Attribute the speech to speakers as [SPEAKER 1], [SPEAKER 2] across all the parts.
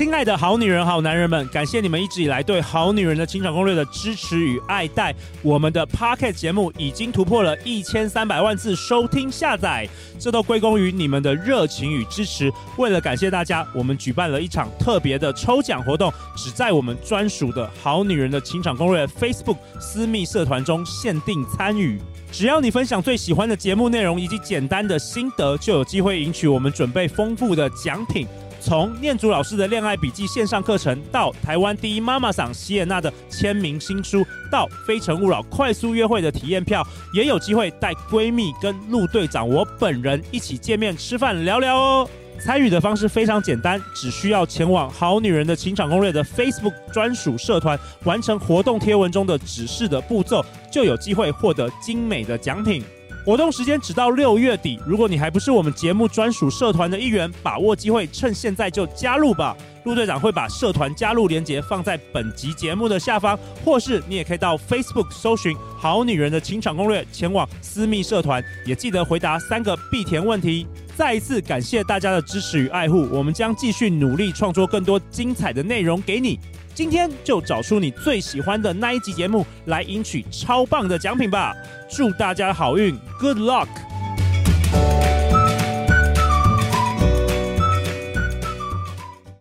[SPEAKER 1] 親愛的好女人、好男人們，感謝你們一直以來對《好女人的情場攻略》的支持與愛戴。我們的 Podcast 節目已經突破了一千三百萬次收聽下載，這都歸功於你們的熱情與支持。為了感謝大家，我們舉辦了一場特別的抽獎活動，只在我們專屬的《好女人的情場攻略》Facebook 私密社團中限定參與。只要你分享最喜歡的節目內容以及簡單的心得，就有機會贏取我們準備豐富的獎品。從念祖老師的戀愛筆記線上課程，到台灣第一媽媽桑希也娜的簽名新書，到非誠勿擾快速約會的體驗票，也有機會帶閨蜜跟陸隊長我本人一起見面吃飯聊聊哦。參與的方式非常簡單，只需要前往《好女人的情場攻略》的 Facebook 專屬社團，完成活動貼文中的指示的步驟，就有機會獲得精美的獎品。活動時間只到六月底，如果你還不是我們節目專屬社團的一員，把握機會，趁現在就加入吧。陸隊長會把社團加入連結放在本集節目的下方，或是你也可以到 Facebook 搜尋“好女人的情場攻略”，前往私密社團，也記得回答三個必填問題。再一次感謝大家的支持與愛護，我們將繼續努力創作更多精彩的內容給你。今天就找出你最喜歡的那一集節目來贏取超棒的獎品吧！祝大家好運，Good luck！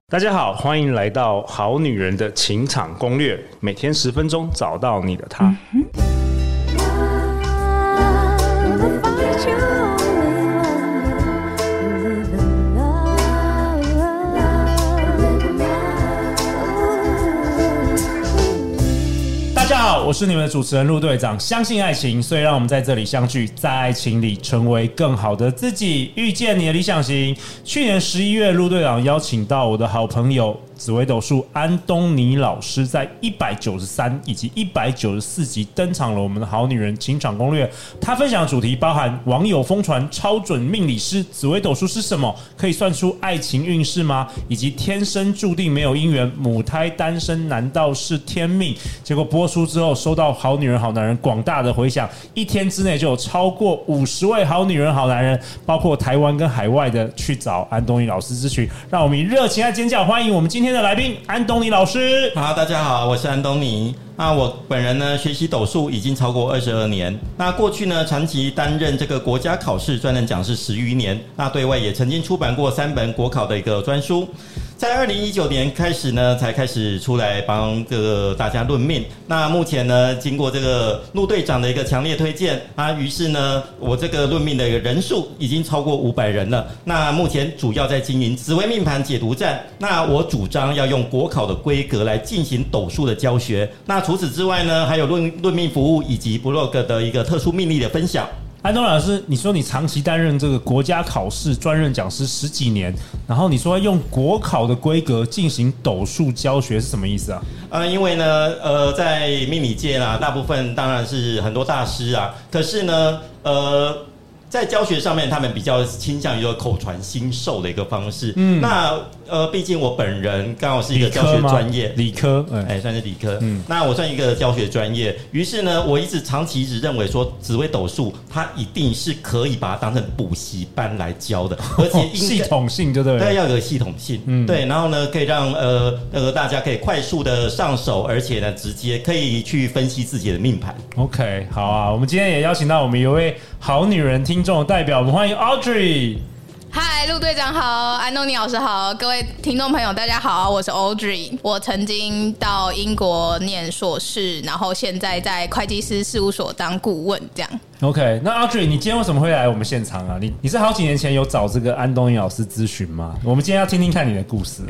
[SPEAKER 1] 大家好，歡迎來到《好女人的情場攻略》，每天十分鐘，找到你的他。嗯我是你們的主持人陸隊長，相信愛情，所以讓我們在這裡相聚，在愛情裡成為更好的自己，遇見你的理想型。去年十一月，陸隊長邀請到我的好朋友。紫微斗數，安東尼老師在一百九十三以及一百九十四集登場了。我們的好女人情場攻略，他分享的主題包含網友瘋傳超準命理師紫微斗數是什麼，可以算出愛情運勢嗎？以及天生注定沒有姻緣，母胎單身難道是天命？結果播出之後，收到好女人、好男人廣大的回響，一天之內就有超過五十位好女人、好男人，包括台灣跟海外的，去找安東
[SPEAKER 2] 尼老師諮詢。讓我們以熱情的尖叫歡迎我們今天。今天的來賓，安東尼老師。好，大家好，我是安東尼。那，我本人呢學習斗數已經超過二十二年。那過去呢，長期擔任這個國家考試專任講師十餘年。那對外也曾經出版過三本國考的一個專書。在二零一九年開始呢，才開始出來幫這個大家論命。那目前呢，經過這個陸隊長的一個強烈推薦啊，於是呢，我這個論命的一個人數已經超過五百人了。那目前主要在經營紫微命盤解讀站。那我主張要用國考的規格來進行斗數的教學。那除此之外呢，還有論論命服務，以及 blog 的一個特殊命例的分享。安東老師，你說你長期擔任這個國家考試專任講師十幾年，
[SPEAKER 1] 然後你說用國考的規格進行斗數教學是什麼意思啊？
[SPEAKER 2] 呃、啊，因為呢，呃，在命理界啦、啊，大部分當然是很多大師啊，可是呢，呃，在教學上面，他們比較傾向於說口傳心授的一個方式嗯。嗯，那呃，畢竟我本人剛好是一個教學專業，理科，哎、欸欸，算是理科。嗯，那我算一個教學專業，於是呢，我一直長期一直認為說，紫微斗數它一定是可以把它當成補習班來教的，而且、哦，系統性就對，對對，對要有系統性。嗯，對，然後呢，可以讓呃呃，那個，大家可以快速的上手，而且呢，直接可以去分析自己的命盤。OK，好啊，我們今天也邀請到我
[SPEAKER 1] 們一位好女人聽聽眾代表，我們歡迎 Audrey。
[SPEAKER 3] 嗨，陸隊長好，安東尼老師好，各位聽眾朋友大家好，我是 Audrey。我曾經到英國念碩士，然後現在在會計師事務所當顧問，這樣。
[SPEAKER 1] OK，那 Audrey，你今天為什麼會來我們現場啊？你你是好幾年前有找這個安東尼老師諮詢嗎？我們今天要聽聽看你的故事。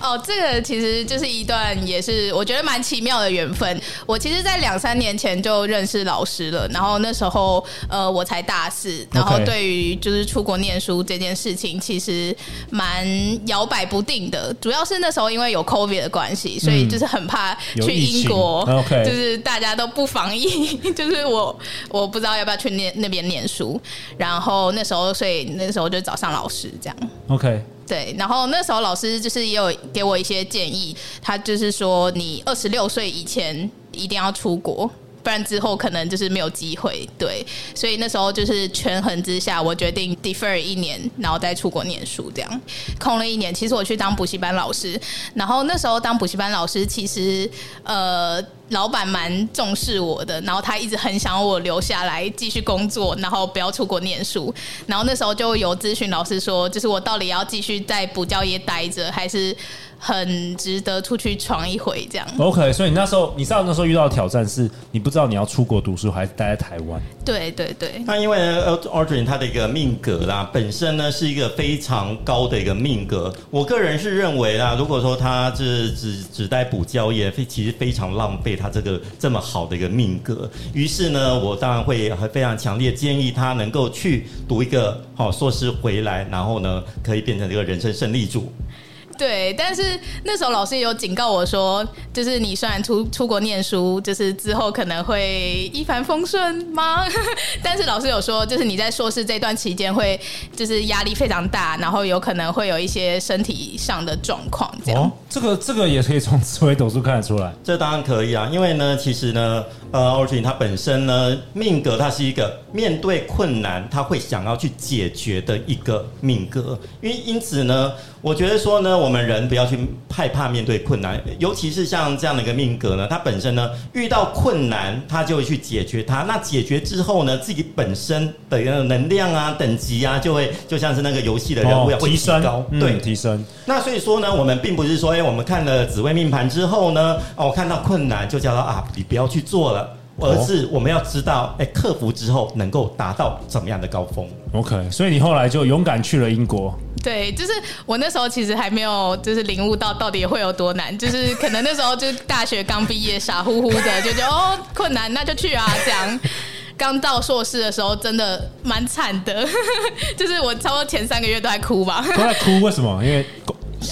[SPEAKER 3] 哦，這個其實就是一段也是我覺得蠻奇妙的緣分。我其實，在兩三年前就認識老師了，然後那時候呃我才大四，然後對於就是出國念書這件事情，其實蠻搖擺不定的。主要是那時候因為有 COVID 的關係，所以就是很怕去英國，okay. 就是大家都不防疫，就是我我不。不知道要不要去念那邊念書，然後那時候，所以那個時候就找上老師這樣。OK，對，然後那時候老師就是也有給我一些建議，他就是說你二十六歲以前一定要出國，不然之後可能就是沒有機會。對，所以那時候就是權衡之下，我決定 defer 一年，然後再出國念書，這樣空了一年。其實我去當補習班老師，然後那時候當補習班老師，其實呃。老闆蠻重視我的，然後他一直很想我留下來繼續工作，然後不要出國念書。然後那時候就有諮詢老師說，就是我到底要繼續在補教業待着，還是很值得出去闖一回這樣。OK，
[SPEAKER 1] 所以你那時候，你上那時候遇到的挑戰是，你不知道你要出國讀書還是待在台灣。
[SPEAKER 3] 對對對。
[SPEAKER 2] 那因為 Audrey 他的一個命格啦，本身呢是一個非常高的一個命格。我個人是認為啦，如果說他是只只待補教業，非其實非常浪費。給他這個這麼好的一個命格，於是呢，我當然會非常強烈建議他能夠去讀一個好、哦、碩士回來，然後呢，可以變成一個人生勝利組。
[SPEAKER 3] 對，但是那時候老師也有警告我說，就是你雖然出出國念書，就是之後可能會一帆風順嗎？ 但是老師有說，就是你在碩士這段期間會就是壓力非常大，然後有可能會有一些身體上的狀況。這
[SPEAKER 1] 樣，哦、這個這個也可以從紫微斗數看得出來。
[SPEAKER 2] 這當然可以啊，因為呢，其實呢。呃，Audrey 他本身呢命格，他是一個面對困難他會想要去解決的一個命格，因為因此呢，我覺得說呢，我們人不要去害怕面對困難，尤其是像這樣的一個命格呢，他本身呢遇到困難，他就會去解決它。那解決之後呢，自己本身的能量啊、等級啊，就會就像是那個遊戲的人物要提，提升。對、嗯，提升。那所以說呢，我們並不是說，哎、欸，我們看了紫微命盤之後呢，哦，看到困難就叫他啊，你不要去做了。而是我們要知道，哎、欸，克服之後能夠達到怎麼樣的高峰？OK，所以你後來就勇敢去了英國。
[SPEAKER 3] 對，就是我那時候其實還沒有，就是領悟到到底會有多難。就是可能那時候就大學剛畢業， 傻乎乎的就覺得哦，困難那就去啊，這樣。剛到碩士的時候，真的蠻慘的， 就是我差不多前三個月都在哭吧。都在哭？
[SPEAKER 1] 為什麼？因為。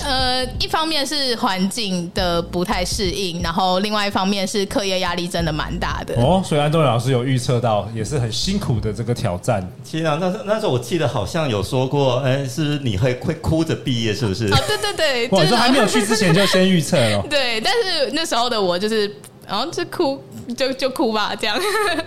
[SPEAKER 3] 呃，一方面是環境的不太適應，然後另外一方面是課業壓力真的蠻大的。哦，
[SPEAKER 2] 所以安東尼老師有預測到，也是很辛苦的這個挑戰。其實啊，那時那時候我記得好像有說過，哎，是你會會哭着畢業，是不是？是、不是、
[SPEAKER 3] 啊？對對對，就是還沒有去之前就
[SPEAKER 2] 先預測了。
[SPEAKER 3] 對，但是那時候的我就是。然、哦、後就哭，就就哭吧，這樣。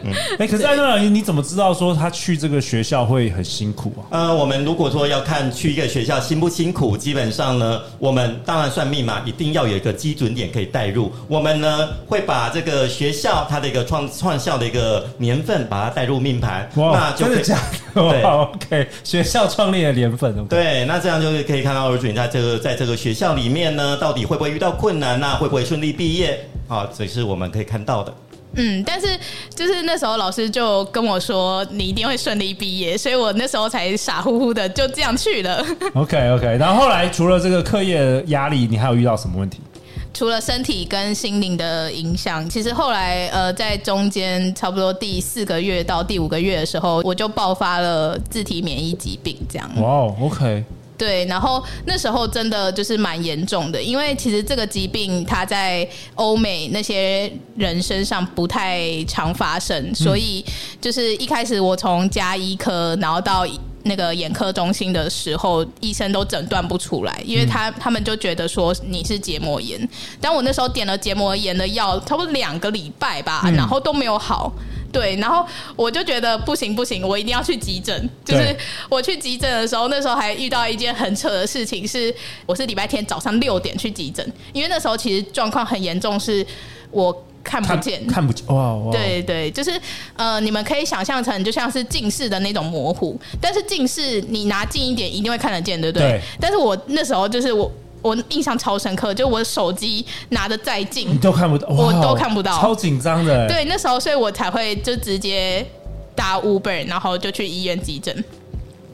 [SPEAKER 3] 嗯欸、
[SPEAKER 1] 可是安東尼老師，你怎麼知道說他去這個學校會很辛苦啊？
[SPEAKER 2] 呃，我們如果說要看去一個學校辛不辛苦，基本上呢，我們當然算命嘛，一定要有一個基準點可以帶入。我們呢會把這個學校它的一個創創校的一個年份把它帶入命盤，哇，那就可以這樣，對，okay，學校創立的年份， 對，那這樣就是可以看到兒子你在這個在這個學校裡面呢，到底會不會遇到困難，啊，那會不會順利畢業？啊，這是我們可以看到的。
[SPEAKER 3] 嗯，但是就是那時候老師就跟我說，你一定會順利畢業，所以我那時候才傻乎乎的就這樣去了。
[SPEAKER 2] OK，OK，
[SPEAKER 1] 然後後來除了這個課業壓力，你還有遇到什麼問題？
[SPEAKER 3] 除了身體跟心靈的影響，其實後來呃，在中間差不多第四個月到第五個月的時候，我就爆發了自體免疫疾病。這樣
[SPEAKER 1] 哇，wow，OK。
[SPEAKER 3] 對，然後那時候真的就是蠻嚴重的，因為其實這個疾病它在歐美那些人身上不太常發生，嗯、所以就是一開始我從家醫科，然後到那個眼科中心的時候，醫生都診斷不出來，因為他、嗯、他們就覺得說你是結膜炎，但我那時候點了結膜炎的藥，差不多兩個禮拜吧，嗯、然後都沒有好。對，然後我就覺得不行不行，我一定要去急診。就是我去急診的時候，那時候還遇到一件很扯的事情，是我是禮拜天早上六點去急診，因為那時候其實狀況很嚴重，是我看不見，看，看不
[SPEAKER 1] 見，哇，哇。對，
[SPEAKER 3] 對，就是呃，你們可以想象成就像是近視的那種模糊，但是近視你拿近一點一定會看得見，對不對？對。但是我那時候就是我。我印象超深刻，就我手機拿得再近，你都看不到，哦，我都看不到，超
[SPEAKER 1] 緊張的、欸。對，
[SPEAKER 3] 那時候，所以我才會就直接打 Uber，然後就去醫院急診。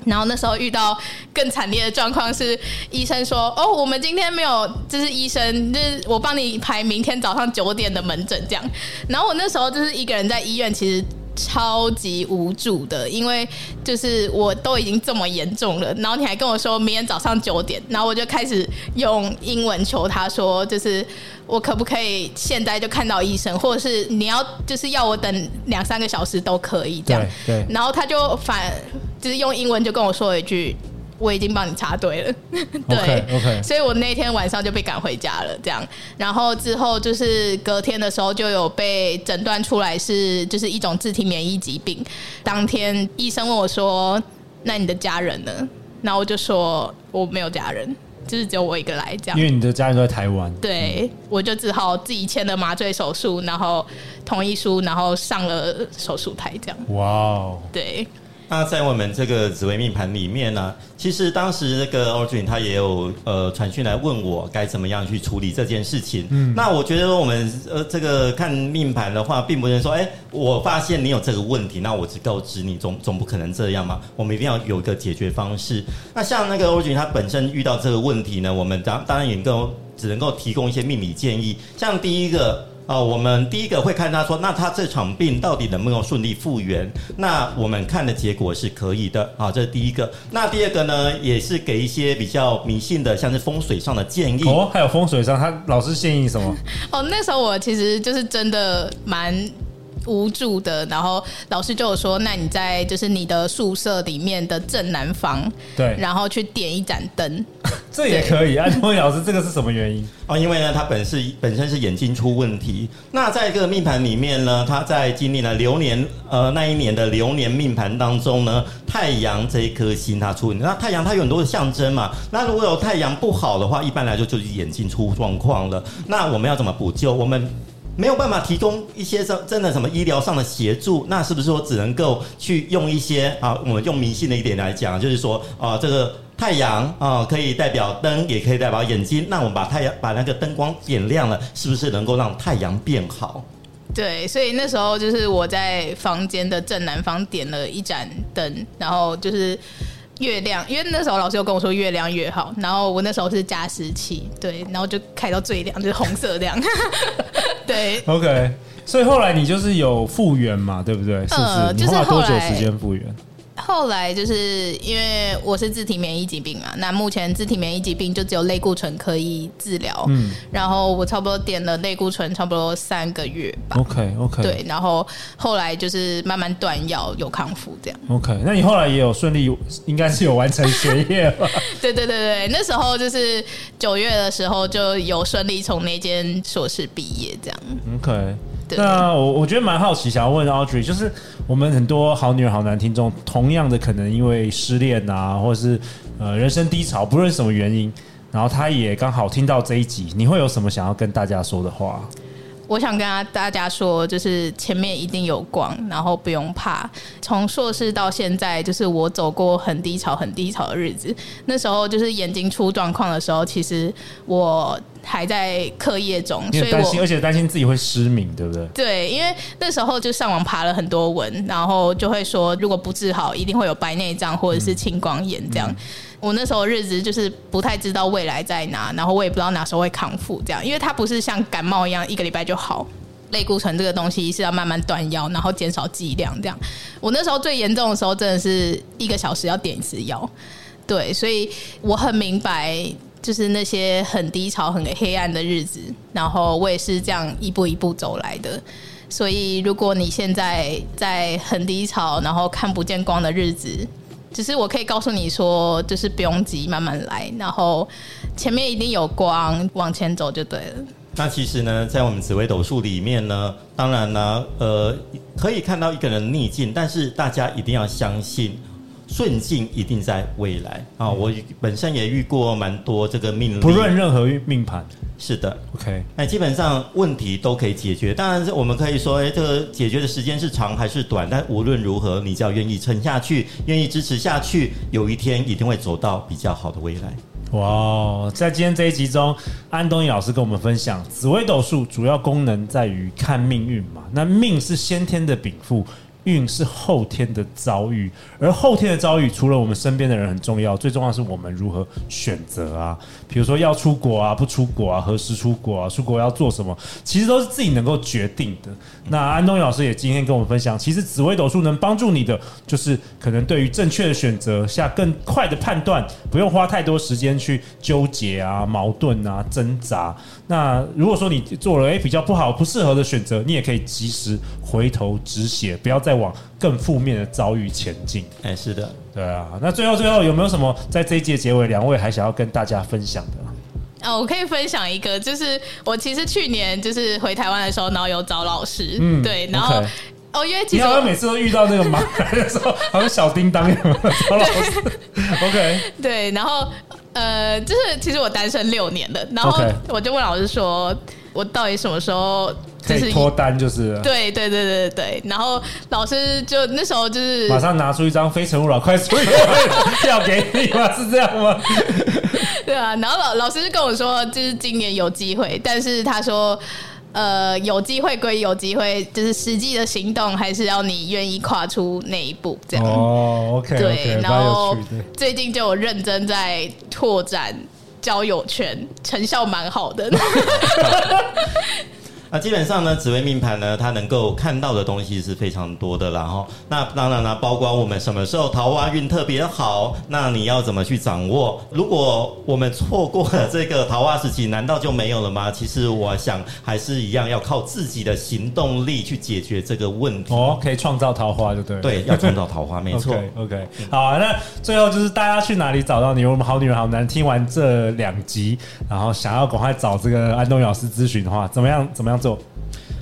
[SPEAKER 3] 然後那時候遇到更慘烈的狀況是，醫生說：“哦，我們今天沒有，就是醫生，就是我幫你排明天早上九點的門診。”這樣。然後我那時候就是一個人在醫院，其實。超級無助的，因為就是我都已經這麼嚴重了，然後你還跟我說明天早上九點，然後我就開始用英文求他說，就是我可不可以現在就看到醫生，或者是你要就是要我等兩三個小時都可以這樣，對。對然後他就反就是用英文就跟我說了一句。我已經幫你插隊了， 對，okay，OK，所以我那天晚上就被趕回家了，這樣。然後之後就是隔天的時候就有被診斷出來是就是一種自體免疫疾病。當天醫生問我說：“那你的家人呢？”然後我就說：“我沒有家人，就是只有我一個來這樣。”因
[SPEAKER 1] 為你的家人都在台灣。
[SPEAKER 3] 對、嗯，我就只好自己簽了麻醉手術，然後同意書，然後上了手術台這樣。
[SPEAKER 2] 哇哦！對。那在我們這個紫微命盤裡面呢、啊，其實當時那個 Audrey 他也有呃傳訊來問我該怎麼樣去處理這件事情。嗯、那我覺得我們呃這個看命盤的話，並不能說哎、欸，我發現你有這個問題，那我只告知你總，總總不可能這樣嘛。我們一定要有一個解決方式。那像那個 Audrey 他本身遇到這個問題呢，我們當當然也夠只能夠提供一些命理建議。像第一個。啊、哦，我們第一個會看他說，那他這場病到底能不能順利復原？那我們看的結果是可以的啊、哦，這是第一個。那第二個呢，也是給一些比較迷信的，像是風水上的建議。哦，還有風水上，他老師建議什麼？
[SPEAKER 3] 哦，那時候我其實就是真的蠻。無助的，然後老師就有說：“那你在就是你的宿舍裡面的正南方，對，然後去點一盞燈，
[SPEAKER 2] 這也可以。”啊？請問老師，這個是什麼原因？哦，因為呢，他本是本身是眼睛出問題。那在一個命盤裡面呢，他在經歷了流年，呃，那一年的流年命盤當中呢，太陽這一顆星它出問題。那太陽它有很多的象徵嘛。那如果有太陽不好的話，一般來說就是眼睛出狀況了。那我們要怎麼補救？我們沒有辦法提供一些真的什麼醫療上的協助，那是不是說只能夠去用一些啊，我們用迷信的一點來講，就是說啊，呃，這個太陽啊，呃，可以代表燈，也可以代表眼睛。那我們把太陽把那個燈光點亮了，是不是能夠讓太陽變好？
[SPEAKER 3] 對，所以那時候就是我在房間的正南方點了一盞燈，然後就是。越亮，因為那時候老師又跟我說越亮越好，然後我那時候是加濕器，對，然後就開到最亮，就是紅色亮，
[SPEAKER 1] 對。OK，所以後來你就是有復原嘛，對不對？呃、是不是？你就是後來多久時間
[SPEAKER 3] 復原？後來就是因為我是自體免疫疾病嘛，那目前自體免疫疾病就只有類固醇可以治療。嗯，然後我差不多點了類固醇，差不多三個月
[SPEAKER 1] 吧。OK OK，對，然
[SPEAKER 3] 後後來就是慢慢斷藥，有康復這樣。
[SPEAKER 1] OK，那你後來也有順利，應該是有完成學業吧？
[SPEAKER 3] 對對對對，那時候就是九月的時候就有順利從那間碩士畢業這樣。
[SPEAKER 1] OK。那我我覺得蠻好奇，想要問 Audrey，就是我們很多好女人、好男聽眾，同樣的可能因為失戀啊，或者是呃人生低潮，不論什麼原因，然後他也剛好聽到這一集，你會有什麼想要跟大家說的話？
[SPEAKER 3] 我想跟大家說，就是前面一定有光，然後不用怕。從碩士到現在，就是我走過很低潮、很低潮的日子。那時候就是眼睛出狀況的時候，其實我還在課業中，你有擔心。所以我而且
[SPEAKER 1] 擔心自己會失明，對不對？
[SPEAKER 3] 對，因為那時候就上網爬了很多文，然後就會說，如果不治好，一定會有白內障或者是青光眼這樣。嗯嗯我那時候的日子就是不太知道未來在哪，然後我也不知道哪時候會康復，這樣，因為它不是像感冒一樣一個禮拜就好。類固醇這個東西是要慢慢斷藥，然後減少劑量，這樣。我那時候最嚴重的時候，真的是一個小時要點一次藥。對，所以我很明白，就是那些很低潮、很黑暗的日子，然後我也是這樣一步一步走來的。所以，如果你現在在很低潮，然後看不見光的日子，只、就是我可以告訴你說，就是不用急，慢慢來，然後前面一定有光，往前走就對了。
[SPEAKER 2] 那其實呢，在我們紫微斗數裡面呢，當然呢，呃，可以看到一個人逆境，但是大家一定要相信，順境一定在未來啊。我本身也遇過蠻多這個命，不論任何命盤。是的，OK，那基本上問題都可以解決。當然，我們可以說，欸，這個解決的時間是長還是短？但無論如何，你只要願意撐下去，願意支持下去，有一天一定會走到比較好的未來。哇，wow，在今天這一集中，安東尼老師跟我們分享紫微斗數主要功
[SPEAKER 1] 能在於看命運嘛？那命是先天的禀賦。運是後天的遭遇，而後天的遭遇除了我們身邊的人很重要，最重要的是我們如何選擇啊，比如說要出國啊，不出國啊，何時出國啊，出國要做什麼，其實都是自己能夠決定的。那安東尼老師也今天跟我們分享，其實紫微斗數能幫助你的，就是可能對於正確的選擇下更快的判斷，不用花太多時間去糾結啊、矛盾啊、掙扎。那如果說你做了哎、欸、比較不好、不適合的選擇，你也可以及時回頭止血，不要再。再往更負面的遭遇前進。哎，是的，對啊。那最後最後有沒有什麼在這一集結尾，兩位還想要跟大家分享的？啊、
[SPEAKER 3] 哦，我可以分享一個，就是我其實去年就是回台灣的時候，然後有找老師，嗯、對，然後、okay. 哦，因為其實我每次都遇
[SPEAKER 1] 到那個麻煩的時候， 好像小叮當一樣找老師。對，OK。
[SPEAKER 3] 對，然後呃，就是其實我單身六年了，然後我就問老師說、okay. 我到底什麼時候？這是脫
[SPEAKER 1] 單就是、就是，對
[SPEAKER 3] 對對對對，對然後老師就那時候就是馬
[SPEAKER 1] 上拿出一張非誠勿擾，快退掉 給你嗎？是這樣嗎？
[SPEAKER 3] 對啊。然後老老師就跟我說，就是今年有機會，但是他說，呃，有機會歸有機會，就是實際的行動還是要你願意跨出那一步，這
[SPEAKER 2] 樣。哦，OK。對，okay, 然後
[SPEAKER 3] 最近就有認真在拓展交友圈，成效蠻好的。
[SPEAKER 2] 那基本上呢，紫微命盤呢，它能夠看到的東西是非常多的啦齁，然後那當然呢，包括我們什麼時候桃花運特別好，那你要怎麼去掌握？如果我們錯過了這個桃花時期，難道就沒有了嗎？其實我想還是一樣，要靠自己的行動力去解決這個問題。哦，可以創造桃花，就對對，要創造桃花，沒錯。
[SPEAKER 1] OK, okay. 好啊，那最後就是大家去哪裡找到你？我們好女人好男人聽完這
[SPEAKER 2] 兩集，然後想要趕快找這個安東尼老師諮詢的話，怎麼樣？怎麼樣？做，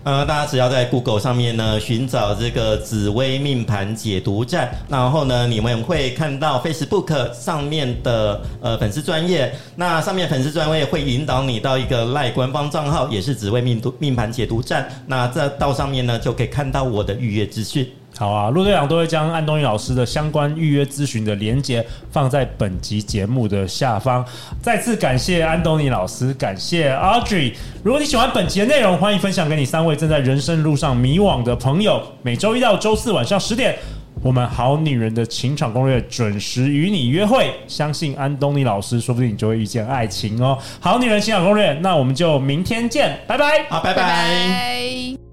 [SPEAKER 2] 呃，大家只要在 Google 上面呢，尋找這個紫微命盤解讀站，然後呢，你們會看到 Facebook 上面的呃粉絲專頁，那上面粉絲專頁會引導你到一個 LINE 官方賬號也是紫微命命盤解讀站，那這到上面呢就可以看到我的預約資訊。好啊，陸隊長都會將安東尼老師的相關預約諮詢的連結放在本集節目的下方。
[SPEAKER 1] 再次感謝安東尼老師，感謝 Audrey。如果你喜歡本集的內容，歡迎分享給你三位正在人生路上迷惘的朋友。每週一到週四晚上十點，我們《好女人的情場攻略》準時與你約會。相信安東尼老師，說不定你就會遇見愛情哦！好女人情場攻略，那我們就明天見，拜拜！好，拜拜。拜
[SPEAKER 3] 拜。